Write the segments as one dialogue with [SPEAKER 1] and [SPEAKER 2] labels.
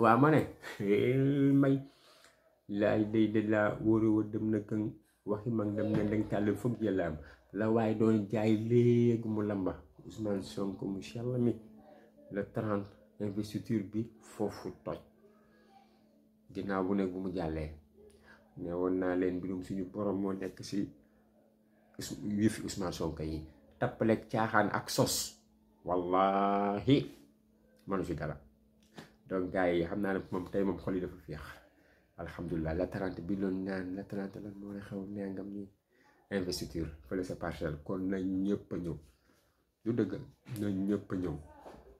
[SPEAKER 1] waa ma ne eh, may laay day de laa wóor wóor dem na kën waxi mag dem na dañ tàll foog jëlaam la waaye doon jaay léegi mu lamba Ousmane sonk mu sell mi le 30 investiture bi foofu toj ginnaaw bu nekk mu jàllee ne woon naa leen mbirum suñu boroom moo nekk si yëfi Ousmane yi tappaleeg caaxaan ak sos wallahi manu si dara donc gars yi xam naa ne moom tey moom xol yi dafa féex alhamdulilah la trente bi loon naan la trente lan moo la xew nengam ni investiture fële sa parcelle kon na ñëpp a ñëw du dëgg na ñëpp a ñëw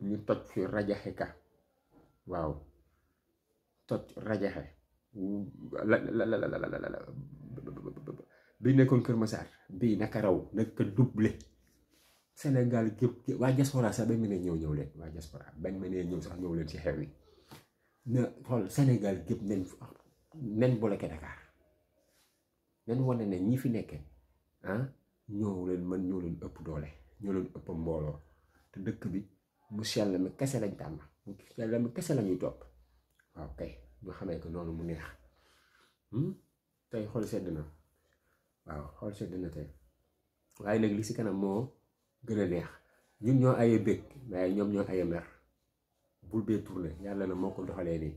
[SPEAKER 1] ñu toj fi rajaxe ka waaw toj rajaxe la la la la bi nekkoon Kër Massar bii naka raw naka doublé Sénégal gépp waa diaspora sax bañ mënee ñëw ñëw leen waa diaspora bañ mënee ñëw sax ñëw leen ci xew yi na xool senegal gépp nen nen bloqué Dakar nen wane ne ñi fi nekke ah ñoo leen man ñoo leen ëpp doole ñoo leen ëpp mbooloo te dëkk bi mu sell mi kese lañ tàmm mu sell mi kese lañuy ñuy topp waaw kay ñoo xamee ko noonu mu neex hmm? tey xool sedd na waaw xool sedd na tey waaye nag li si kanam moo gën a neex ñun ñoo aye bëgg waaye ñoom ñoo aye mer bul bee tourné yàlla na moo ko doxalee nii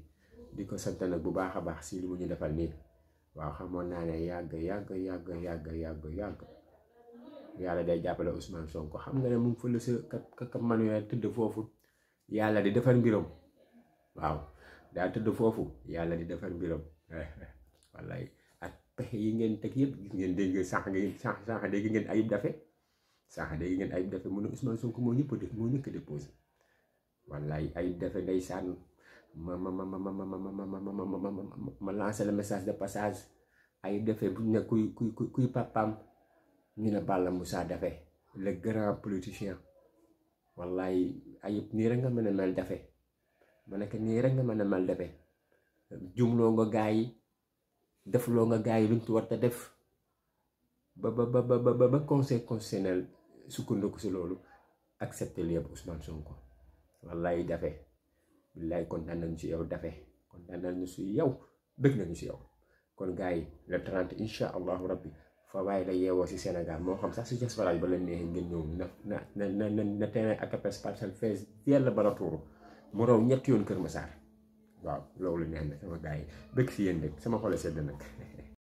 [SPEAKER 1] di ko sant nag bu baax a baax si li mu ñu defal nii waaw xamoon naa ne yàgg yàgg yàgg yàgg yàgg yàgg yàlla day jàppale Ousmane Sonko xam ne mu ngi fële sa ka ka tëdd foofu yàlla di defar mbiram waaw tëdd foofu yàlla di defar mbiram wallaay ak ngeen teg yëpp gis ngeen dégg sànq sànq sànq ngeen ayib dafe sànq dégg ngeen ayib dafe mu ne Ousmane Sonko moo ñëpp a moo ñëkk a déposé wallaay ay defe ndeysaan ma ma ma ma ma ma ma ma lancé le message de passage ay defe bu ñu ne kuy kuy kuy papaam ñu ne Balla Moussa Daffé le grand politicien wallaay ayib nii rek nga mën a mel Daffé ma nekk nii rek nga mën a mel Daffé jumloo nga gaa yi defloo nga gaa yi luñ ci war a def ba ba ba ba ba conseil constitutionnel sukkandiku si loolu accepté lépp Ousmane Sonko. wallaay dafe billaay kontaan nañu si yow dafe kontaan nañu si yow bëgg nañu si yow kon gars yi le 30 incha allahu rabbi Fawaye la yeewoo si Sénégal moo xam sax si diaspora ba la neexee ngeen ñëw na na na na na terrain ACAPES Parcelles fees yàlla bala tuuru mu raw ñetti yoon Kër Massar waaw loolu neex na sama gars yi bëgg si yéen rek sama xol sedd nag.